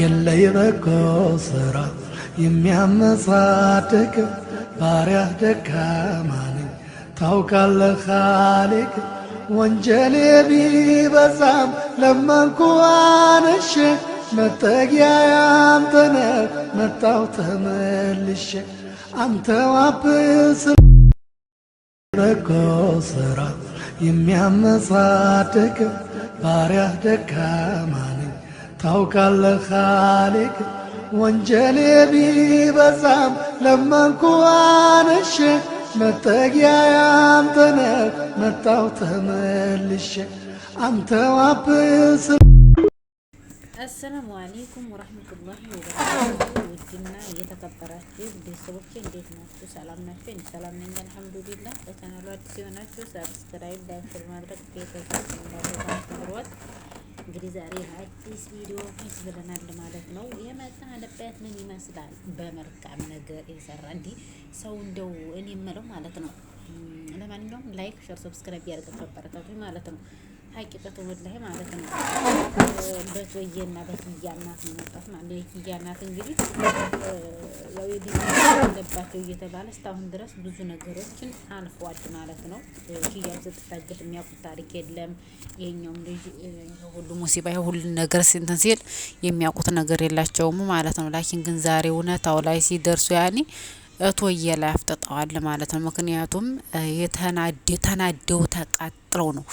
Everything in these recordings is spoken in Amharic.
የለይ በጎ ስራ የሚያመጻድቅ ባሪያህ ደካማ ነኝ ታውቃለህ ኻሊቅ ወንጀሌ ቢበዛም ለመንኩ አንሼ መጠጊያ ያንተነ መጣው ተመልሼ አንተ ዋብስ በጎ ስራ የሚያመጻድቅ ባሪያህ ደካማ توك الخالق وانجلي بي بزام لما نكون الشيء متق يا يامتنك متاو تملش انت وابس السلام عليكم ورحمة الله وبركاته ودينا يتكبراتي بدي سبوك ديت ناتشو سلام نافين سلام نين الحمد لله بس انا لو اتسيو سابسكرايب دايفر مدرك بيتك بيتك بيتك بيتك بيتك بيتك እንግዲህ ዛሬ አዲስ ቪዲዮ ፊት ብለናል ማለት ነው። የመጣንበት ምን ይመስላል? በመልካም ነገር የሰራ እንዲ ሰው እንደው እኔ የምለው ማለት ነው። ለማንኛውም ላይክ፣ ሸር፣ ሰብስክራይብ ያደርገን ከበረታቱ ማለት ነው። ሀቂቀቱ ወላሂ ማለት ነው። በትወዬና በትያ እናት መጣት ማለት ነው። የትያ እናት እንግዲህ ያው የዲ አለባቸው እየተባለ እስካሁን ድረስ ብዙ ነገሮችን አልፏል ማለት ነው። ሂጃብ ስትታገት የሚያውቁት ታሪክ የለም። ይሄኛውም ልጅ ሁሉ ሙሲባ ሁሉ ነገር እንትን ሲል የሚያውቁት ነገር የላቸውም ማለት ነው። ላኪን ግን ዛሬ እውነታው ላይ ሲደርሱ ያኔ እቶዬ ላይ አፍጥጠዋል ማለት ነው። ምክንያቱም የተናደው ተናደው ተቃጥለው ነው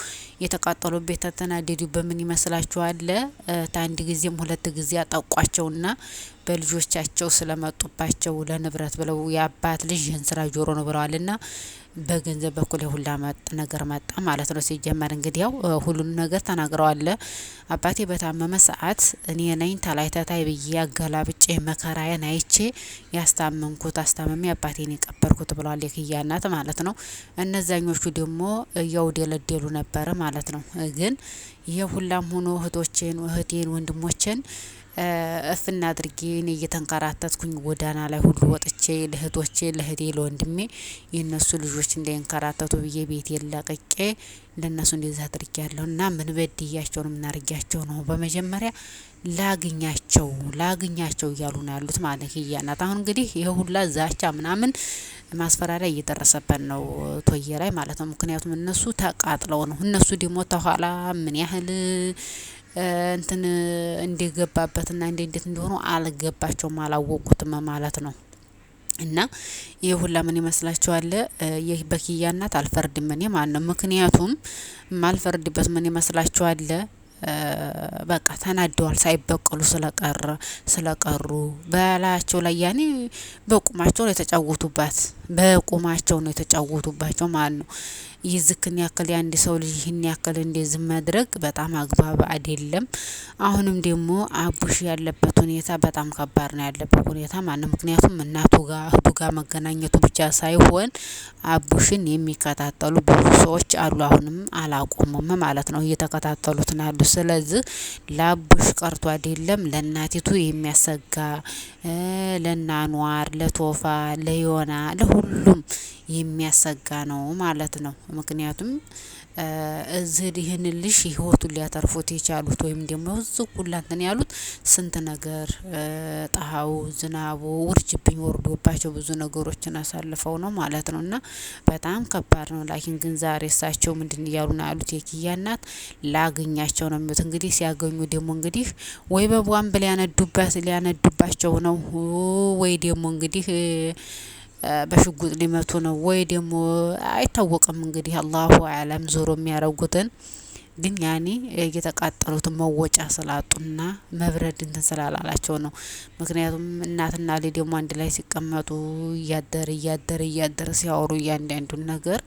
የተቃጠሉ ቤት ተናደዱ። በምን ይመስላችኋል? አንድ ጊዜም ሁለት ጊዜ አጠቋቸውና በልጆቻቸው ስለመጡባቸው ለንብረት ብለው የአባት ልጅ ይህን ስራ ጆሮ ነው ብለዋልና በገንዘብ በኩል የሁላ ነገር መጣ ማለት ነው። ሲጀመር እንግዲህ ያው ሁሉንም ነገር ተናግረዋለ። አባቴ በታመመ ሰዓት እኔ ነኝ ተላይተታይ ብዬ አገላብጬ መከራዬን አይቼ ያስታመምኩት አስታመሜ አባቴን የቀበርኩት ብለዋል የክያ እናት ማለት ነው። እነዛኞቹ ደግሞ እያውደለደሉ ነበረ ማለት ነው። ግን ይሄ ሁላም ሆኖ እህቶቼን፣ እህቴን፣ ወንድሞቼን እፍና አድርጌ እኔ እየተንከራተትኩኝ ጎዳና ላይ ሁሉ ወጥቼ ለእህቶቼ ለእህቴ ለወንድሜ የእነሱ ልጆች እንዳይንከራተቱ ብዬ ቤት የለቅቄ ለእነሱ እንደዛ አድርጌ ያለሁ እና ምን በድያቸው ነው የምናርጊያቸው ነው። በመጀመሪያ ላግኛቸው ላግኛቸው እያሉ ነው ያሉት ማለት እያናት አሁን እንግዲህ ይህ ሁላ ዛቻ ምናምን ማስፈራሪያ እየደረሰበት ነው ቶዬ ላይ ማለት ነው። ምክንያቱም እነሱ ተቃጥለው ነው እነሱ ደግሞ ተኋላ ምን ያህል እንትን እንደገባበትና እንዴ እንዴት እንደሆኑ አልገባቸውም አላወቁትም ማለት ነው። እና ይህ ሁላ ምን ይመስላችኋል? ይህ በኪያ እናት አልፈርድም እኔ ማለት ነው። ምክንያቱም ማልፈርድበት ምን ይመስላችኋል? በቃ ተናደዋል። ሳይበቀሉ ስለቀረ ስለቀሩ በላያቸው ላይ ያኔ በቁማቸው ነው የተጫወቱባት። በቁማቸው ነው የተጫወቱባቸው ማለት ነው። ይዝክን ያክል የአንድ ሰው ልጅ ይህን ያክል እንደዚህ መድረግ በጣም አግባብ አይደለም። አሁንም ደግሞ አቡሽ ያለበት ሁኔታ በጣም ከባድ ነው ያለበት ሁኔታ ማነው? ምክንያቱም እናቱ ጋር እህቱ ጋር መገናኘቱ ብቻ ሳይሆን አቡሽን የሚከታተሉ ብዙ ሰዎች አሉ። አሁንም አላቆሙም ማለት ነው፣ እየተከታተሉት ነው ያሉ። ስለዚህ ለአቡሽ ቀርቶ አይደለም ለእናቲቱ የሚያሰጋ ለናኗር፣ ለቶፋ፣ ለዮና፣ ለሁሉም የሚያሰጋ ነው ማለት ነው። ምክንያቱም እዚህ ይህንን ልጅ ህይወቱን ሊያተርፉት የቻሉት ወይም ደግሞ እዚህ ሁላንትን ያሉት ስንት ነገር ጣሀው ዝናቡ ውርጅብኝ ወርዶባቸው ብዙ ነገሮችን አሳልፈው ነው ማለት ነው። እና በጣም ከባድ ነው። ላኪን ግን ዛሬ እሳቸው ምንድን እያሉ ነው ያሉት? የኪያ እናት ላገኛቸው ነው የሚሉት። እንግዲህ ሲያገኙ ደግሞ እንግዲህ ወይ በቧንብ ሊያነዱባት ሊያነዱባቸው ነው ወይ ደግሞ እንግዲህ በሽጉጥ ሊመቱ ነው ወይ ደግሞ አይታወቅም። እንግዲህ አላሁ አለም ዞሮ የሚያደርጉትን ግን ያኔ የተቃጠሉትን መወጫ ስላጡና መብረድ እንትን ስላላላቸው ነው። ምክንያቱም እናትና ልጅ ደግሞ አንድ ላይ ሲቀመጡ እያደር እያደር እያደር ሲያወሩ እያንዳንዱን ነገር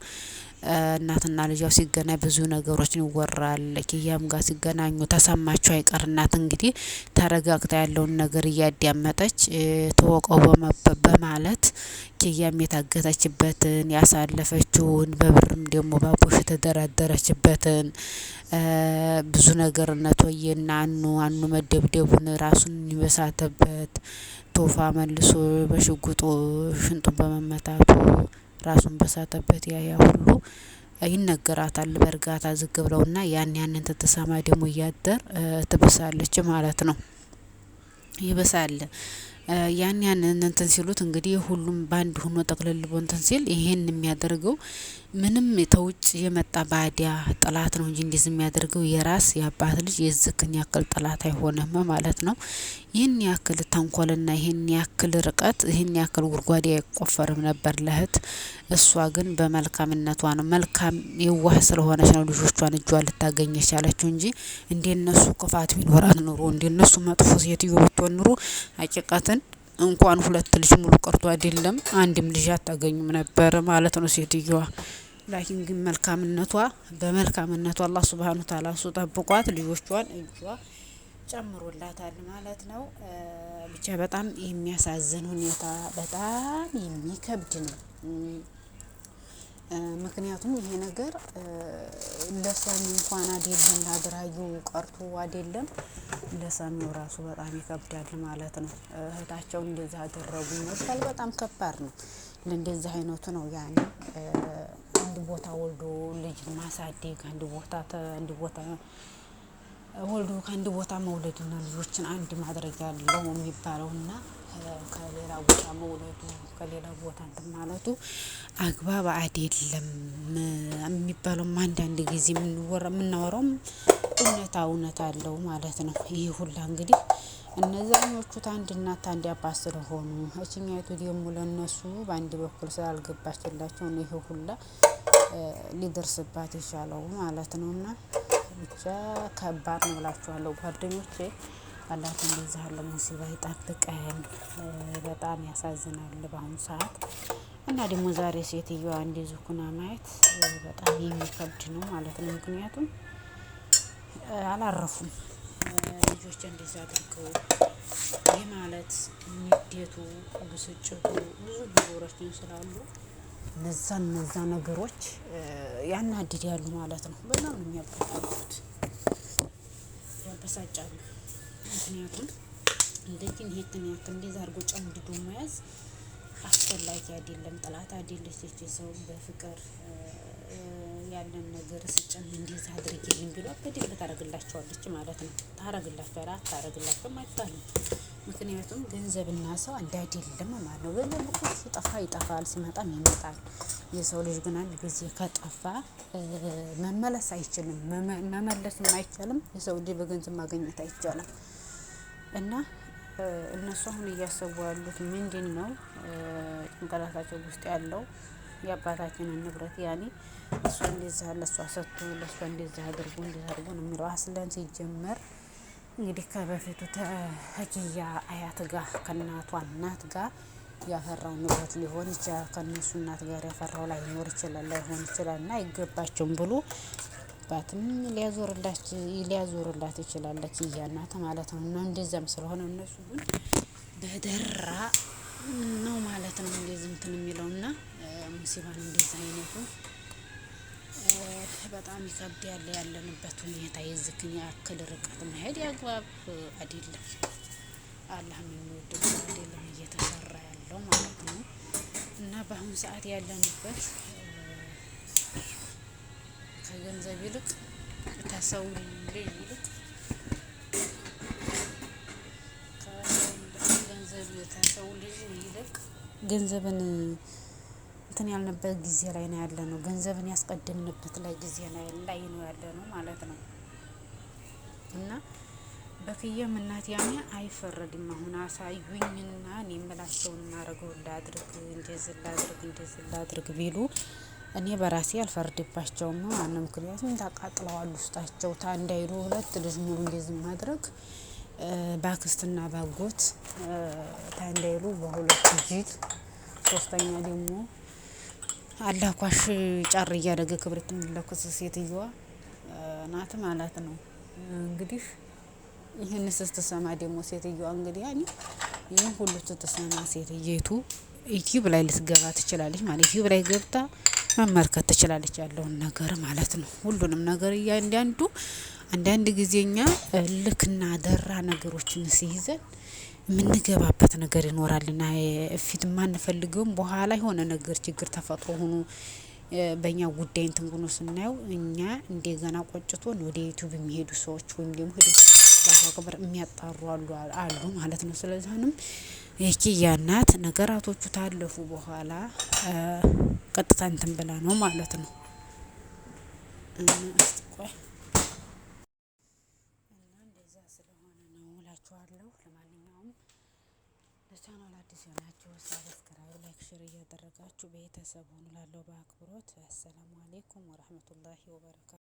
እናትና ልጃው ሲገናኝ ብዙ ነገሮችን ይወራል። ኪያም ጋር ሲገናኙ ተሰማቸው አይቀር እናት እንግዲህ ተረጋግታ ያለውን ነገር እያዳመጠች ተወቀው በማለት ኪያም የታገተችበትን ያሳለፈችውን በብርም ደግሞ ባቦሽ የተደራደረችበትን ብዙ ነገር እነ አኑ አኑ መደብደቡን ራሱን የሚበሳተበት ቶፋ መልሶ በሽጉጡ ሽንጡን በመመታቱ ራሱን በሳተበት ያ ሁሉ ይነገራታል። በእርጋታ ዝግ ብለውና ያን ያንን ትትሰማ ደግሞ እያደር ትብሳለች ማለት ነው። ይብሳል ያን ያን እንትን ሲሉት እንግዲህ ሁሉም በአንድ ሆኖ ጠቅለል እንትን ሲል ይሄን የሚያደርገው ምንም የተውጭ የመጣ ባዲያ ጠላት ነው እንጂ እንዲህ የሚያደርገው የራስ የአባት ልጅ የዝክን ያክል ጠላት አይሆንም ማለት ነው። ይህን ያክል ተንኮልና ይህን ያክል ርቀት ይህን ያክል ጉድጓዴ አይቆፈርም ነበር ለእህት። እሷ ግን በመልካምነቷ ነው መልካም የዋህ ስለሆነች ነው ልጆቿን እጇ ልታገኝ የቻለችው እንጂ እንደነሱ ክፋት ቢኖራት ኑሮ እንደነሱ መጥፎ ሴትዮ ብትሆን ኑሮ ሀቂቃትን እንኳን ሁለት ልጅ ሙሉ ቀርቶ አይደለም አንድም ልጅ አታገኙም ነበር ማለት ነው ሴትየዋ። ላኪን ግን መልካምነቷ በመልካምነቷ አላህ ሱብሃነሁ ወተዓላ እሱ ጠብቋት ልጆቿን እጇ ጨምሮላታል ማለት ነው። ብቻ በጣም የሚያሳዝን ሁኔታ በጣም የሚከብድ ነው። ምክንያቱም ይሄ ነገር ለሰሚ እንኳን አይደለም ላድራዩ ቀርቶ አይደለም ለሰሚው ራሱ በጣም ይከብዳል ማለት ነው። እህታቸው እንደዛ አደረጉ ይመስላል። በጣም ከባድ ነው። ለእንደዚህ አይነቱ ነው ያኔ አንድ ቦታ ወልዶ ልጅ ማሳደግ አንድ ቦታ አንድ ቦታ ወልዶ ከአንድ ቦታ መውለድና ልጆችን አንድ ማድረግ ያለው የሚባለው እና ከሌላ ቦታ መውለዱ ከሌላ ቦታ እንትን ማለቱ አግባብ አይደለም የሚባለውም አንዳንድ ጊዜ የምናወራውም እውነታ እውነት አለው ማለት ነው። ይህ ሁላ እንግዲህ እነዛኞቹ አንድ እናት አንድ አባት ስለሆኑ እችኛቱ ደግሞ ለእነሱ በአንድ በኩል ስላልገባችላቸው ይህ ሁላ ሊደርስባት የቻለው ማለት እና ብቻ ከባድ ነው ብላችኋለሁ ጓደኞቼ። አላት እንደዚህ ያለ ሙሲባ ይጠብቀን። በጣም ያሳዝናል በአሁኑ ሰዓት እና ደግሞ ዛሬ ሴትዮዋ እንደዚህ ኩና ማየት በጣም የሚከብድ ነው ማለት ነው። ምክንያቱም አላረፉም ልጆች እንደዚህ አድርገው ይህ ማለት ንዴቱ፣ ብስጭቱ ብዙ ነገሮችን ስላሉ እነዛ እነዛ ነገሮች ያናድድ ያሉ ማለት ነው። በጣም ነው የሚያበሳጩት ያበሳጫሉ። ምክንያቱም እንደዚህ ይሄን ያክል እንደዛ አድርጎ ጨምድዶ መያዝ አስፈላጊ አይደለም። ጥላት አይደለች እቺ ሰው በፍቅር ያለን ነገር ስጭን እንዲህ አድርጌልኝ ቢሏት በደንብ ታደርግላቸዋለች ማለት ነው። ታደርግላቸው አራት ታደርግላቸው አይባልም ምክንያቱም ገንዘብና ሰው አንድ አይደለም ማለት ነው። ገንዘብ እኮ ጠፋ ይጠፋል፣ ሲመጣም ይመጣል። የሰው ልጅ ግን አንድ ጊዜ ከጠፋ መመለስ አይችልም፣ መመለስም አይቻልም። የሰው ልጅ በገንዘብ ማግኘት አይቻልም። እና እነሱ አሁን እያሰቡ ያሉት ምንድን ነው ጭንቅላታቸው ውስጥ ያለው የአባታችንን ንብረት ያኔ እሱ እንደዛ ለእሷ ሰጥቶ ለእሷ እንደዛ አድርጎ እንደዛ አድርጎ ነው የሚለው አስለን ሲጀመር እንግዲህ ከበፊቱ ተህኪያ አያት ጋር ከእናቷ እናት ጋር ያፈራው ንብረት ሊሆን ይችላል። ከእነሱ እናት ጋር ያፈራው ላይኖር ይችላል፣ ላይሆን ይችላል እና አይገባቸውም ብሎ ባትም ሊያዞርላት ይችላል ለኪያ እናት ማለት ነው። እና እንደዚያም ስለሆነ እነሱ ግን በደራ ነው ማለት ነው እንደዚህ እንትን የሚለውና ሙሲባን እንደዚህ አይነቱ በጣም ይከብድ ያለ ያለንበት ሁኔታ የዝክን ያክል ርቀት መሄድ አግባብ አይደለም። አላህም የሚወደው አይደለም እየተሰራ ያለው ማለት ነው። እና በአሁኑ ሰዓት ያለንበት ከገንዘብ ይልቅ ከሰው ልጅ ከሰው ልጅ ይልቅ ገንዘብን እንትን ያልንበት ጊዜ ላይ ነው ያለ ነው። ገንዘብን ያስቀድምንበት ላይ ጊዜ ላይ ነው ያለ ነው ማለት ነው። እና በክየም እናት ያኔ አይፈረድም። አሁን አሳዩኝና እኔ የምላቸውን ማድረገው ላድርግ፣ እንደዚህ ላድርግ፣ እንደዚህ ላድርግ ቢሉ እኔ በራሴ አልፈርድባቸውም ማለት ነው። ምክንያቱም ታቃጥለዋል ውስጣቸው ታ እንዳይሉ ሁለት ልጅ ሙሉ እንደዚህ ማድረግ ባክስትና ባጎት ታ እንዳይሉ በሁለት ጅል ሶስተኛ ደግሞ አላኳሽ ጫር እያደረገ ክብሪት የምትለኩስ ሴትዮዋ ናት ማለት ነው። እንግዲህ ይህን ስትሰማ ደግሞ ሴትዮዋ እንግዲህ ያኔ ይህን ሁሉ ስትሰማ ሴትዮቱ ዩቲዩብ ላይ ልትገባ ትችላለች ማለት ዩቲዩብ ላይ ገብታ መመልከት ትችላለች ያለውን ነገር ማለት ነው። ሁሉንም ነገር እያንዳንዱ አንዳንድ ጊዜኛ ልክና ደራ ነገሮችን ሲይዘን የምንገባበት ነገር ይኖራልና ፊት የማንፈልገውም በኋላ የሆነ ነገር ችግር ተፈጥሮ ሆኖ በእኛ ጉዳይ እንትን ሆኖ ስናየው እኛ እንደገና ቆጭቶን ወደ ዩቱብ የሚሄዱ ሰዎች ወይም ደግሞ ሄዱ አክበር የሚያጣሩ አሉ አሉ ማለት ነው። ስለዚህም የኪያ እናት ነገራቶቹ ታለፉ በኋላ ቀጥታ እንትን ብላ ነው ማለት ነው። ሰብስክራይብ፣ ላይክ፣ ሼር እያደረጋችሁ ቤተሰብ ሆኑ ላለው በአክብሮት አሰላሙ አሌይኩም ወረህመቱላሂ ወበረካቱ።